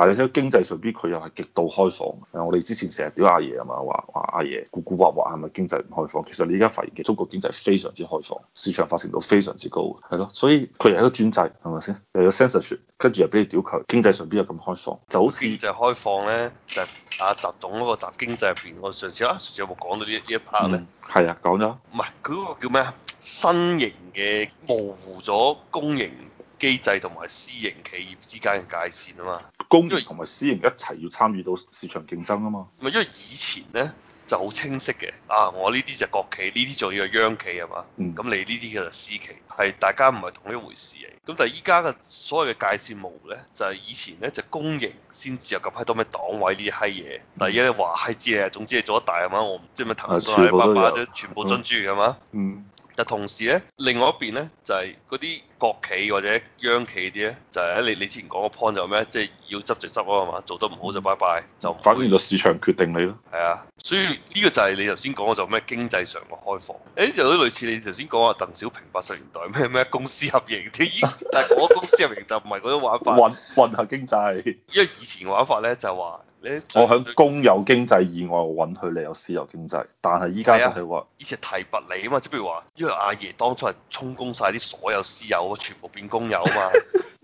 但係喺經濟上邊佢又係極度開放。誒，我哋之前成日屌阿爺啊嘛，話話阿爺古古惑惑，係咪經濟唔開放？其實你而家發現嘅中國經濟非常之開放，市場化程度非常之高。係咯，所以佢又係一個專制，係咪先？又有 censorship，跟住又俾你屌佢。經濟上邊又咁開放，就好似就開放咧，就阿習總嗰個習經濟入邊。我上次啊，上次有冇講到呢呢一 part 咧？係、嗯、啊，講咗。唔係佢嗰個叫咩啊？新型嘅模糊咗公營機制同埋私營企業之間嘅界線啊嘛，公營同埋私營一齊要參與到市場競爭啊嘛。咪因為以前咧就好清晰嘅，啊我呢啲就國企，呢啲仲要係央企係嘛，咁你呢啲嘅就私企，係大家唔係同一回事嚟。咁但係依家嘅所謂嘅界線冇咧，就係、是、以前咧就公、是、營先至有咁閪多咩黨委呢啲閪嘢，嗯、但依家咧哇閪知啊，總之係做得大啊嘛，我唔知係咪騰訊係把把全部進駐係嘛。嗯。但同時咧，另外一邊咧就係嗰啲。國企或者央企啲咧，就係、是、你你之前講個 point 就咩，即、就、係、是、要執就執啊係嘛，做得唔好就拜拜就。反正就市場決定你咯。係啊，所以呢個就係你頭先講嗰種咩經濟上嘅開放。誒、欸，有啲類似你頭先講話鄧小平八十年代咩咩公私合營，但係我公私合營就唔係嗰種玩法。 混合下經濟。因為以前玩法咧就話你。我響公有經濟以外，我允許你有私有經濟，但係依家就係、是、話。以前提拔你啊嘛，即係譬如話，因為阿爺當初係充公晒啲所有私有。我 全部變工友啊嘛，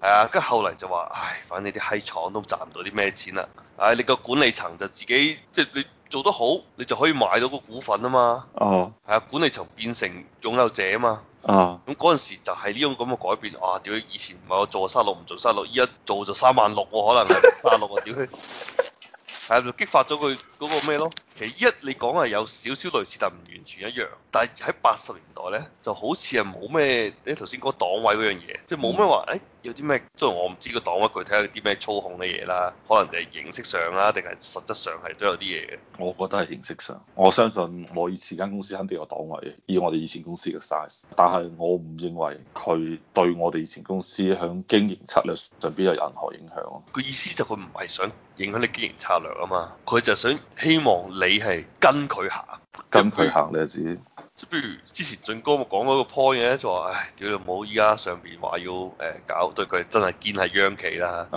係啊，跟後嚟就話，唉，反正啲閪廠都賺唔到啲咩錢啦，唉、啊，你個管理層就自己，即係你做得好，你就可以買到個股份啊嘛，哦、uh，係、huh. 啊，管理層變成擁有者啊嘛、uh huh. 嗯這這，啊，咁嗰陣時就係呢種咁嘅改變，哇！屌，以前唔係我做三六唔做三六，依家做就三萬六我可能，三六啊，屌，係咪就激發咗佢嗰個咩咯？其實一你講係有少少類似，但唔完全一樣。但係喺八十年代咧，就好似係冇咩，你頭先講黨委嗰樣嘢，即係冇咩話誒。欸有啲咩？即係我唔知個黨委具體有啲咩操控嘅嘢啦，可能就係形式上啦，定係實質上係都有啲嘢嘅。我覺得係形式上。我相信我以前間公司肯定有黨委嘅，以我哋以前公司嘅 size。但係我唔認為佢對我哋以前公司喺經營策略上邊有任何影響。佢意思就佢唔係想影響你經營策略啊嘛，佢就想希望你係跟佢行。跟佢行你就知。即係譬如之前俊哥咪講嗰個 point 嘅，就話、是、唉屌你老母，依家上邊話要誒搞對佢真係堅係央企啦，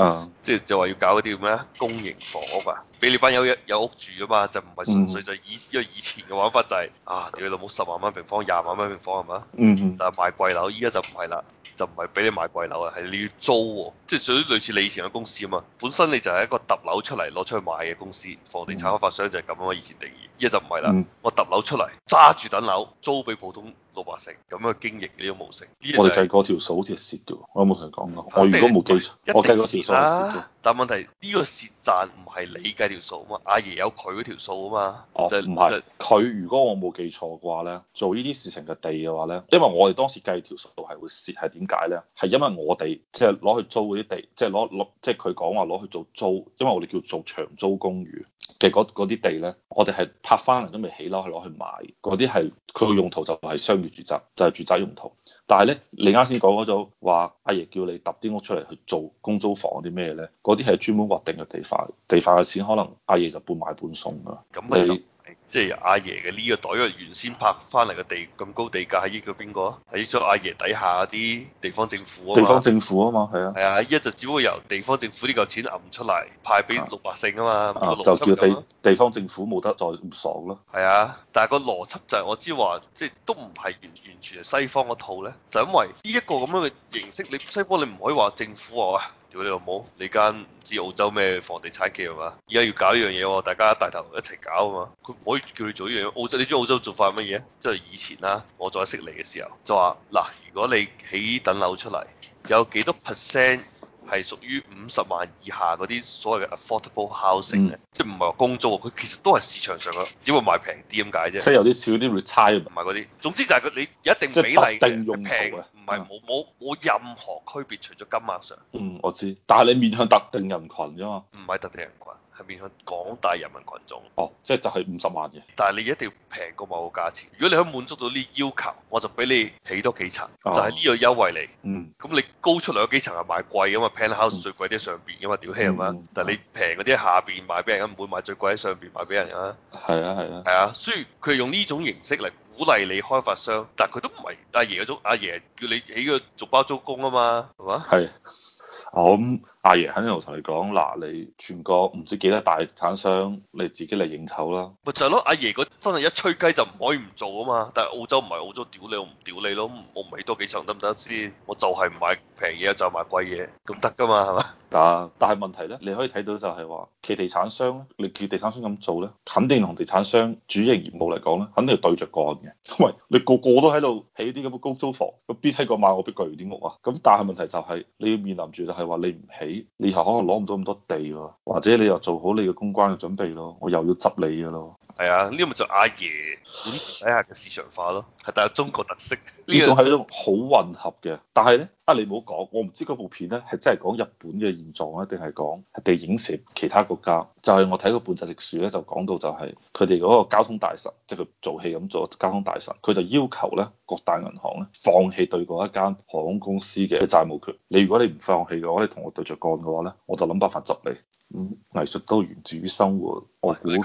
即係、uh huh. 就話要搞嗰啲咩公營房屋啊，俾你班友有，有屋住啊嘛，就唔係純粹就以因為、uh huh. 以前嘅玩法就係、是、啊屌你老母十萬蚊平方廿萬蚊平方係嘛，uh huh. 但係賣貴樓依家就唔係啦。就唔係俾你買貴樓啊，係你要租喎、喔，即係屬於類似你以前嘅公司啊嘛，本身你就係一個揼樓出嚟攞出去賣嘅公司，房地產開發商就係咁樣，以前定義，依家就唔係啦，嗯、我揼樓出嚟揸住等樓租俾普通老百姓咁樣經營呢個模式，就是，我哋計嗰條數好似蝕嘅喎。我有冇同你講過？我如果冇記錯，一定蝕啊！但係問題呢個蝕賺唔係你計條數啊嘛，阿爺有佢嗰條數啊嘛。哦，即係唔係，佢如果我冇記錯嘅話咧，做呢啲事情嘅地嘅話咧，因為我哋當時計條數係會蝕，係點解咧？係因為我哋即係攞去租嗰啲地，即係攞攞，即係佢講話攞去做租，因為我哋叫做長租公寓。嘅嗰嗰啲地咧，我哋係拍翻嚟都未起樓，去攞去賣。嗰啲係佢用途就係商業住宅，就係、是、住宅用途。但係咧，你啱先講嗰組話，阿爺，爺叫你揼啲屋出嚟去做公租房嗰啲咩咧？嗰啲係專門劃定嘅地塊，地塊嘅錢可能阿爺，爺就半賣半送㗎。即係阿爺嘅呢個袋，因為原先拍翻嚟嘅地咁高地價係益咗邊個啊？係益咗阿爺底下啲地方政府地方政府啊嘛，係啊。係啊，依家就只會由地方政府呢嚿錢揞出嚟派俾老百姓啊嘛。啊個邏輯就係地，地方政府冇得再爽咯。係啊，但係個邏輯就係、是、我知話，即係都唔係完完全係西方嗰套咧，就因為呢一個咁樣嘅形式，你西方你唔可以話政府話、啊、屌、啊、你老母，你間唔知澳洲咩房地產嘅嘛、啊，依家要搞一樣嘢喎，大家大頭一齊搞啊嘛，佢唔可以。叫你做一樣嘢，澳洲，你知澳洲做法係乜嘢？即係以前啦，我再識你嘅時候就話：嗱，如果你起等樓出嚟，有幾多 percent 係屬於五十萬以下嗰啲所謂嘅 affordable housing 咧、嗯？即係唔係話公租，佢其實都係市場上嘅，只會賣平啲咁解啫。即係有啲少啲 retirement 唔係嗰啲。總之就係佢，你一定比例，定用平嘅，唔係冇冇冇任何區別，除咗金額上。嗯，我知，但係你面向特定人群啫嘛。唔係特定人群。係面向廣大人民群眾哦，即係就係五十萬嘅。但係你一定要平過某個價錢。如果你可以滿足到呢要求，我就俾你起多幾層，就係呢個優惠嚟。嗯。咁你高出兩幾層係賣貴噶嘛？Penthouse 最貴啲上邊噶嘛？屌氣啊嘛！但係你平嗰啲下邊賣俾人，唔會賣最貴喺上邊賣俾人啊。係啊係啊。係啊，雖然佢係用呢種形式嚟鼓勵你開發商，但係佢都唔係阿爺嗰種阿爺叫你起個做包租公啊嘛，係嘛？係。咁。阿爺肯定同你講，嗱，你全國唔知幾多大產商，你自己嚟應酬啦。咪就係咯、啊，阿爺真係一吹雞就唔可以唔做啊嘛。但係澳洲唔係澳洲屌你，我唔屌你咯，我唔起多幾層得唔得先？我就係唔買平嘢，就買貴嘢，咁得噶嘛，係咪？係、啊、但係問題咧，你可以睇到就係話，其地產商你其地產商咁做咧，肯定同地產商主營業務嚟講咧，肯定係對著幹嘅。因餵，你個個都喺度起啲咁嘅公租房，個 BT 個買我逼巨住啲屋啊。咁但係問題就係、是，你要面臨住就係話，你唔起。你以後可能攞唔到咁多地喎，或者你又做好你嘅公關嘅準備咯，我又要執你嘅咯。係啊，呢個咪就阿爺底下嘅市場化咯，係帶有中國特色。呢、這個係一種好混合嘅。但係咧，啊你唔好講，我唔知嗰部片咧係真係講日本嘅現狀咧，定係講地影射其他國家？就係、是、我睇個半澤直樹咧，就講到就係佢哋嗰個交通大臣，即係佢做戲咁做交通大臣，佢就要求咧各大銀行咧放棄對嗰一間航空公司嘅債務權。你如果你唔放棄嘅話，你同我對着幹嘅話咧，我就諗辦法執你。咁、嗯、藝術都源自於生活。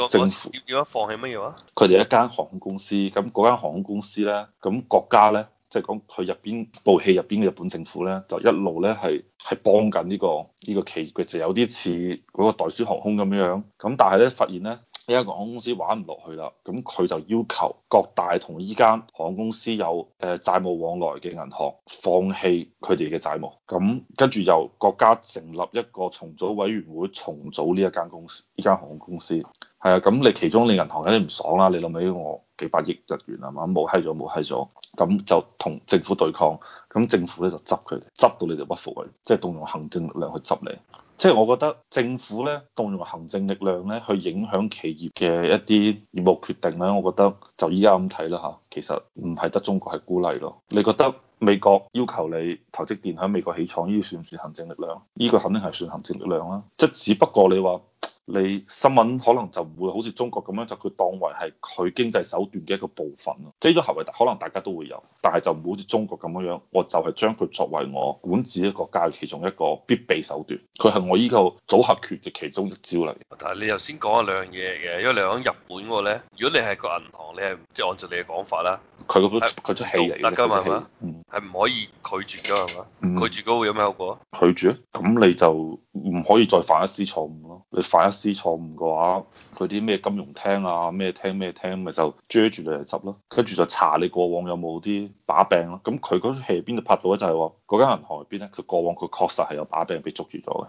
政府要放棄乜嘢話？佢哋 一間航空公司，咁嗰間航空公司咧，咁國家咧，即係講佢入邊部戲入邊嘅日本政府咧，就一路咧係係幫緊呢、呢個呢、呢個企業，就有啲似嗰個袋鼠航空咁樣樣。咁但係咧，發現咧。呢間航空公司玩唔落去啦，咁佢就要求各大同依間航空公司有誒債務往來嘅銀行放棄佢哋嘅債務，咁跟住由國家成立一個重組委員會重組呢一間公司，呢間航空公司係啊，咁你其中你銀行有啲唔爽啦，你諗起我幾百億日元係嘛，冇閪咗冇閪咗。咁就同政府對抗，咁政府咧就執佢，執到你哋屈服佢，即係動用行政力量去執你。即係我覺得政府咧動用行政力量咧去影響企業嘅一啲業務決定咧，我覺得就依家咁睇啦嚇。其實唔係得中國係孤立咯，你覺得美國要求你投資電喺美國起廠，呢啲算唔算行政力量？呢個肯定係算行政力量啦。即係只不過你話。你新聞可能就唔會好似中國咁樣，就佢當為係佢經濟手段嘅一個部分咯。即係咗合為，可能大家都會有，但係就唔會好似中國咁樣，我就係將佢作為我管治一個國家其中一個必備手段。佢係我依個組合拳嘅其中一招嚟。但係你頭先講啊兩樣嘢嘅，因為兩樣日本嗰咧，如果你係個銀行，你係即係按照你嘅講法啦，佢嗰部佢出戲嚟嘅，出戲係唔可以拒絕嘅，係嘛？嗯、拒絕嗰會有咩後果？拒絕咁你就。唔可以再犯一絲錯誤咯，你犯一絲錯誤嘅話，佢啲咩金融廳啊，咩廳咩廳，咪就追住你嚟執咯，跟住就查你過往有冇啲把柄咯、啊。咁佢嗰出戲邊度拍到咧？就係話嗰間銀行入邊咧？佢過往佢確實係有把柄被捉住咗嘅。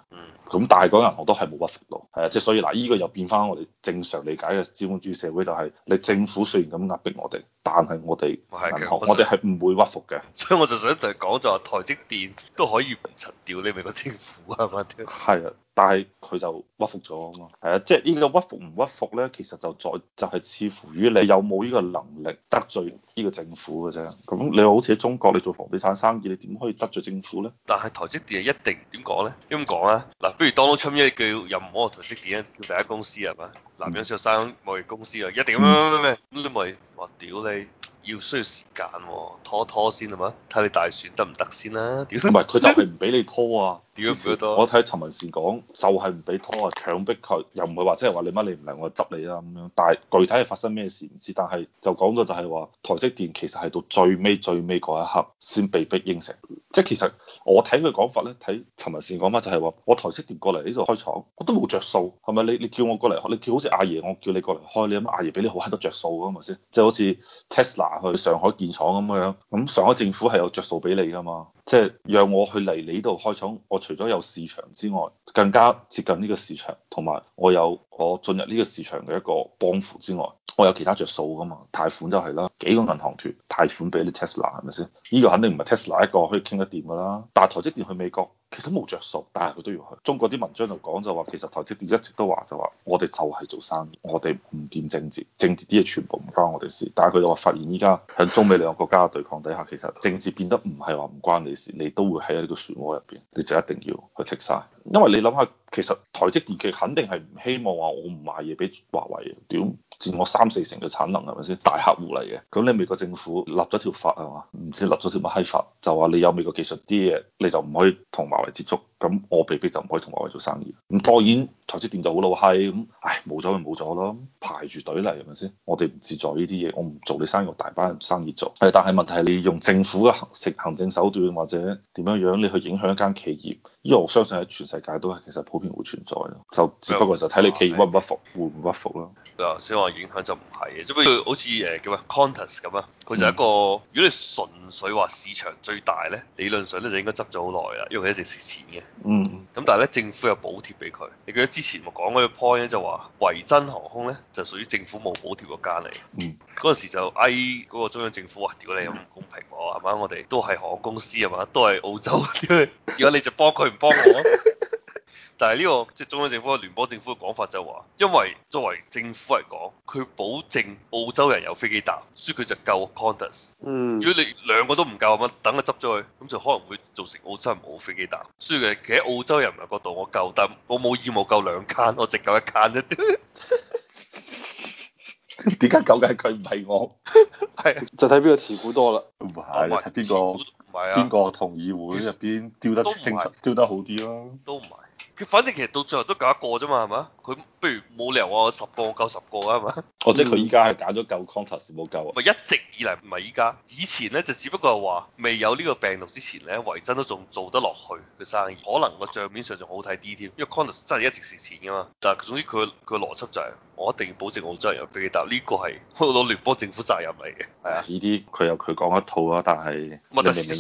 咁、嗯、但係嗰間銀行都係冇屈服到。係啊，即係所以嗱，依、這個又變翻我哋正常理解嘅資本主義社會、就是，就係你政府雖然咁壓迫我哋，但係我哋銀行，實我哋係唔會屈服嘅。所以我就想同你講，就係台積電都可以唔沉掉，你明唔明政府啊？係啊，但係佢就屈服咗啊嘛。係啊，即係呢個屈服唔屈服咧，其實就在就係、是、視乎於你有冇呢個能力得罪呢個政府嘅啫。咁你好似喺中國，你做房地產生意，你點可以得罪政府咧？但係台積電係一定點講咧？點講啊？嗱，不如當初出面一句又唔好話台積電叫第一公司係嘛？男人想生外國公司啊，一定咩咩咩咩咩都唔屌你，要需要時間喎、啊，拖拖先係、啊、嘛？睇你大選得唔得先啦？屌，唔係佢就係唔俾你拖啊。我睇陳文善講就係唔俾拖啊，強迫佢，又唔係話即係話你乜你唔嚟，我執你啊。咁樣。但係具體係發生咩事唔知，但係就講到就係話台積電其實係到最尾最尾嗰一刻先被逼應承。即係其實我睇佢講法咧，睇陳文善講法就係、是、話我台積電過嚟呢度開廠，我都冇着數，係咪？你你叫我過嚟，你叫好似阿爺，我叫你過嚟開，你諗阿爺俾你好閪多着數㗎嘛先，即係好似 Tesla 去上海建廠咁樣，咁上海政府係有着數俾你㗎嘛？即、就、係、是、讓我去嚟你度開廠，我。除咗有市場之外，更加接近呢個市場，同埋我有我進入呢個市場嘅一個幫扶之外，我有其他着數噶嘛？貸款就係啦，幾個銀行團貸款俾啲 Tesla 係咪先？呢個肯定唔係 Tesla 一個可以傾得掂噶啦，但係台積電去美國。其實冇着數，但係佢都要去。中國啲文章說就講就話，其實台積電一直都話就話，我哋就係做生意，我哋唔掂政治，政治啲嘢全部唔關我哋事。但係佢又話發現依家喺中美兩個國家嘅對抗底下，其實政治變得唔係話唔關你事，你都會喺呢個漩渦入邊，你就一定要去剔晒。因為你諗下，其實台積電其實肯定係唔希望話我唔賣嘢俾華為嘅，屌！佔我三四成嘅產能係咪先？大客戶嚟嘅，咁你美國政府立咗條法係嘛？唔知立咗條乜閪法，就話你有美國技術啲嘢，你就唔可以同華為接觸。咁我被迫就唔可以同我哋做生意。咁當然台積電就好老閪咁，唉冇咗咪冇咗咯。排住隊嚟係咪先？我哋唔自在呢啲嘢，我唔做你生意，大班人生意做。係，但係問題係你用政府嘅行政行政手段或者點樣樣，你去影響一間企業。因為我相信喺全世界都係其實普遍會存在，就只不過就睇你企業屈唔屈服，會唔、嗯啊、屈服啦。所以話影響就唔係，只不過好似誒叫咩 Contest 咁啊，佢、uh, 就一個，嗯、如果你純粹話市場最大咧，理論上咧就應該執咗好耐啦，因為佢一直蝕錢嘅。嗯咁但係咧，政府有補貼俾佢。你記得之前我講嗰個 point 咧，就話維珍航空咧就屬於政府冇補貼嗰間嚟。嗰陣、嗯、時就哀嗰、哎嗰個中央政府話，屌你咁唔公平喎，係嘛？我哋都係航空公司係嘛？都係澳洲，點解 你就幫佢唔幫我？ 但係呢、這個即係、就是、中央政府、聯邦政府嘅講法就話，因為作為政府嚟講，佢保證澳洲人有飛機搭，所以佢就救 Qantas。嗯。 如果你兩個都唔夠，咁樣等佢執咗去，咁就可能會造成澳洲人冇飛機搭。所以其實喺澳洲人嘅角度，我夠，但我冇義務我夠兩間，我只夠一間啫。點解究竟佢唔係我？係、 啊、就睇邊個持股多啦。唔係，係睇邊個。咪啊！邊個同意會入邊雕得清楚，雕、啊、得好啲啦、啊？都唔係、啊，佢反正其實到最後都搞一個啫嘛，係咪？佢不如冇理由話我十個，我救十個啊嘛。哦，嗯、即係佢依家係搞咗救 Qantas 冇救啊？咪一直以嚟唔係依家，以前咧就只不過係話未有呢個病毒之前咧，維珍都仲做得落去嘅生意，可能個帳面上仲好睇啲添，因為 Qantas 真係一直蝕錢噶嘛。但係總之佢佢個邏輯就係、是，我一定要保證澳洲人有飛機搭，呢個係攞聯邦政府責任嚟嘅。係啊，呢啲佢有佢講一套啊，但係。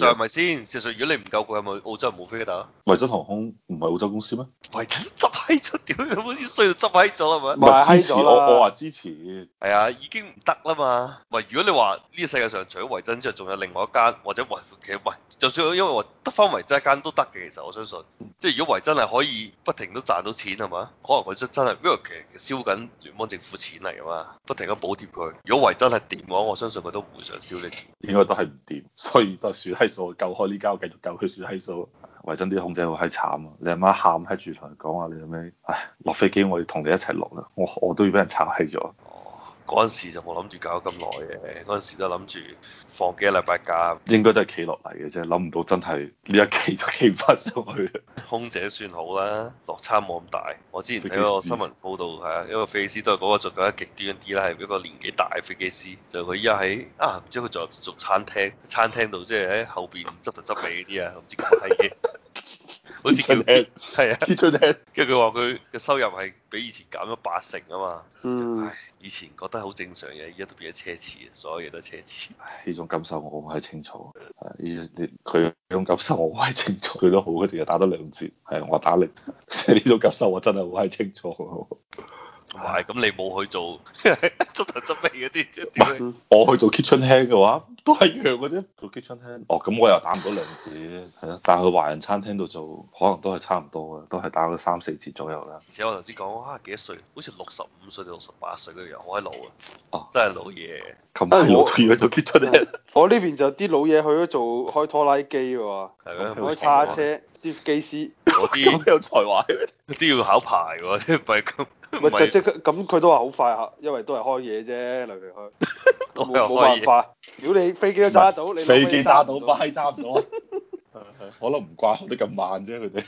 係咪先？事實、啊，如果你唔夠佢係咪澳洲人冇飛得？打？維珍航空唔係澳洲公司咩？維珍執閪咗，屌，需要執閪咗係咪？唔支持我，我話支持。係啊，已經唔得啦嘛。唔係，如果你話呢個世界上除咗維珍之外，仲有另外一間或者維，其實維。就算因為我得翻維珍一間都得嘅，其實我相信，即係如果維珍係可以不停都賺到錢係嘛，可能佢真真係因為其實燒緊聯邦政府錢嚟㗎嘛，不停咁補貼佢。如果維珍係掂嘅話，我相信佢都唔會想燒你錢。應該都係唔掂，所以都係算閪數。救開呢家，我繼續救佢算閪數。維珍啲空姐好閪慘啊！你阿媽喊喺住同佢講話，你有咩？唉落飛機，我要同你一齊落啦！我我都要俾人炒氣咗。哦。嗰陣時就冇諗住搞咁耐嘅，嗰陣時都諗住放幾個禮拜假，應該都係企落嚟嘅啫，諗唔到真係呢一期就企唔翻上去。空姐算好啦，落差冇咁大。我之前睇過個新聞報道，係啊，因為飛機師都係嗰個做嘅，極端啲啦，係一個年紀大嘅飛機師，就佢依家喺啊，唔知佢做做餐廳，餐廳度即係喺後邊執頭執尾啲啊，唔知點解係嘅。好似佢跌，係啊跌出嚟。跟住佢話佢嘅收入係比以前減咗八成啊嘛。嗯，唉、哎，以前覺得好正常嘅，依家都變咗奢侈，所有嘢都奢侈。呢種感受我好係清楚。係，呢佢呢種感受我好係清楚。佢都好，佢仲要打咗兩折。係、啊，我打力，即係呢種感受我真係好係清楚。同埋，咁你冇去做執頭執尾嗰啲，唔係我去做 Kitchen Hand 嘅話，都係一樣嘅啫。做 Kitchen Hand，哦，咁我又打唔到兩折，係咯。但係去華人餐廳度做，可能都係差唔多嘅，都係打個三四折左右啦。而且我頭先講啊幾多歲，好似六十五歲到六十八歲嗰樣，好老啊！哦，真係老嘢，琴日我見佢做 Kitchen。我呢邊就啲老嘢去咗做開拖拉機喎，開叉車、接機師啲有才華，啲要考牌喎，啲廢金。咪就即刻咁，佢都話好快吓，啊，因為都係開嘢啫，嚟嚟去去，冇冇 很辦法。屌 你飛機都揸到，是你飛機揸到，馬揸唔到。係係、 啊，可能唔怪學得咁慢啫，佢哋。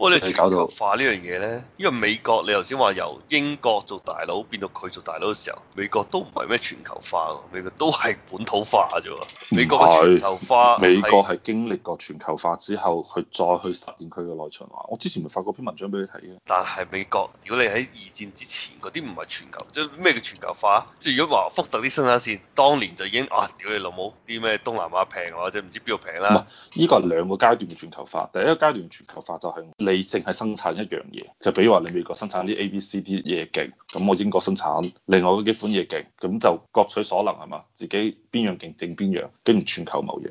不過你全球化呢樣嘢咧，因為美國你頭先話由英國做大佬變到佢做大佬嘅時候，美國都唔係咩全球化，美國都係本土化啫喎。是美國嘅全球化，美國係經歷過全球化之後，佢再去實現佢嘅內循環。我之前咪發過篇文章俾你睇，但係美國，如果你喺二戰之前嗰啲唔係全球，即係咩叫全球化？即係如果話福特啲生產線，當年就已經啊，屌你老母啲咩東南亞平或者唔知邊度平啦。唔係，呢個係兩個階段嘅全球化。第一個階段全球化就係、是。你淨係生產一樣嘢，就比如話你美國生產啲 A、B、C、D 嘢勁，咁我英國生產另外嗰幾款嘢勁，咁就各取所能係嘛？自己邊樣勁整邊樣，跟住全球貿易。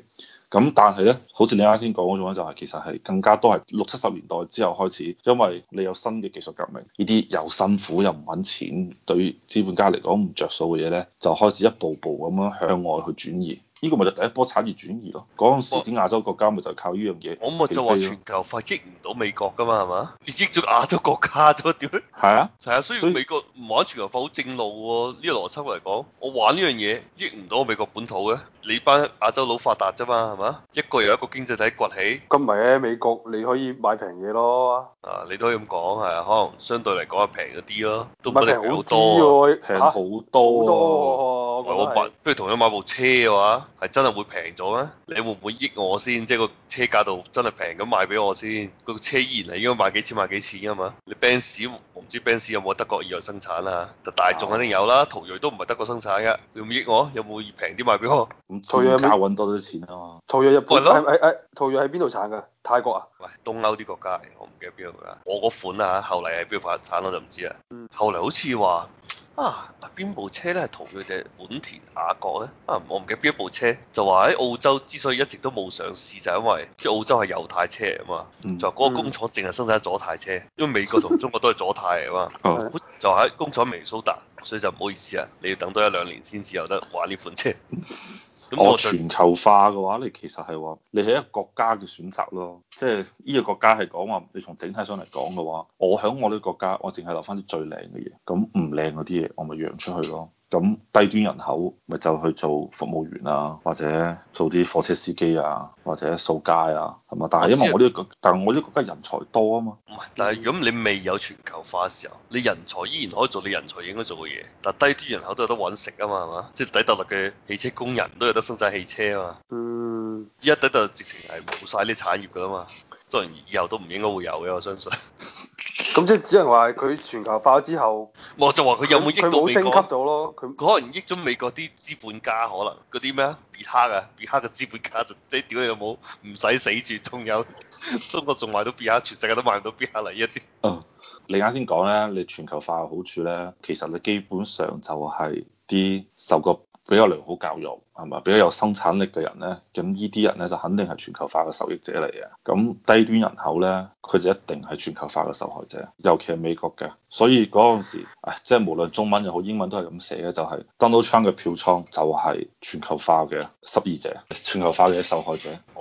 咁但係咧，好似你啱先講嗰種咧，就係其實係更加多係六七十年代之後開始，因為你有新嘅技術革命，呢啲又辛苦又唔揾錢，對資本家嚟講唔着數嘅嘢咧，就開始一步步咁樣向外去轉移。呢個咪就第一波產業轉移咯，嗰、那、陣、個、時啲哇亞洲國家咪就靠呢樣嘢。我咁咪就話全球化益唔到美國噶嘛，係嘛？益咗亞洲國家咗點？係 啊，係啊，所以美國唔玩全球化好正路喎、啊。呢、這個邏輯嚟講，我玩呢樣嘢益唔到美國本土嘅，你班亞洲佬發達啫嘛，係嘛？一個又一個經濟體崛起，咁咪嘅美國你可以買平嘢咯。啊，你都可以咁講係，可能相對嚟講係平咗啲咯，都比你平好多，多、啊，平好多、啊。啊不如同樣買部車嘅話，係真係會平咗咩？你會唔會益我先？即係個車價度真係平咁賣俾我先。個車依然係應該賣幾錢賣幾錢㗎嘛？你 Benz，我唔知 Benz 有冇德國以外生產啦、啊。但大眾肯定有啦，途睿都唔係德國生產嘅。你會唔會益我？有冇平啲賣俾我？途睿又揾多咗錢嘛？途睿日本？係係係途睿係邊度產㗎？泰國啊？喂，東歐啲國家嚟，我唔記得邊度㗎。我個款啊，後嚟係邊度產我就唔知啦。後嚟好似話。啊，邊部車咧係同佢哋本田雅閣咧？啊，我唔記得邊一部車，就話喺澳洲之所以一直都冇上市，就係、因為即係澳洲係右軚車啊嘛，就嗰個工廠淨係生產左軚車，因為美國同中國都係左軚啊嘛，就喺工廠明蘇達，所以就唔好意思啊，你要等多一兩年先至有得玩呢款車。哦，我我全球化嘅話，你其實係話，你係一個國家嘅選擇咯。即係呢個國家係講話，你從整體上嚟講嘅話，我喺我呢個國家，我淨係留翻啲最靚嘅嘢，咁唔靚嗰啲嘢，我咪讓出去咯。咁低端人口咪就去做服務員啊，或者做啲火車司機啊，或者掃街啊，係嘛？但係因為我呢、呢個，知但係我呢個國家人才多啊嘛。唔係，但係如果你未有全球化嘅時候，你人才依然可以做你人才應該做嘅嘢。但係低端人口都有得揾食啊嘛，係嘛？即係底特律嘅汽車工人，都有得生產汽車啊嘛。嗯。依家底特律直情係冇晒啲產業㗎嘛？當然以後都唔應該會有嘅，我相信。 咁即係只能話佢全球化之後，我就話佢有冇益到美國？佢冇升級到咯，佢可能益咗美國啲資，資本家，可能嗰啲咩啊？別克嘅，別克嘅資本家就即係屌你又冇，唔使死住，仲有中國仲賣到別克，全世界都賣唔到別克嚟一啲。哦，你啱先講咧，你全球化嘅好處咧，其實你基本上就係啲受個。比較良好教育係嘛，比較有生產力嘅人呢，咁呢啲人呢，就肯定係全球化嘅受益者嚟嘅。咁低端人口呢，佢就一定係全球化嘅受害者，尤其係美國嘅。所以嗰陣時，哎，即係無論中文又好英文都係咁寫嘅，就係 Donald Trump 嘅票倉就係全球化嘅失意者，全球化嘅受害者。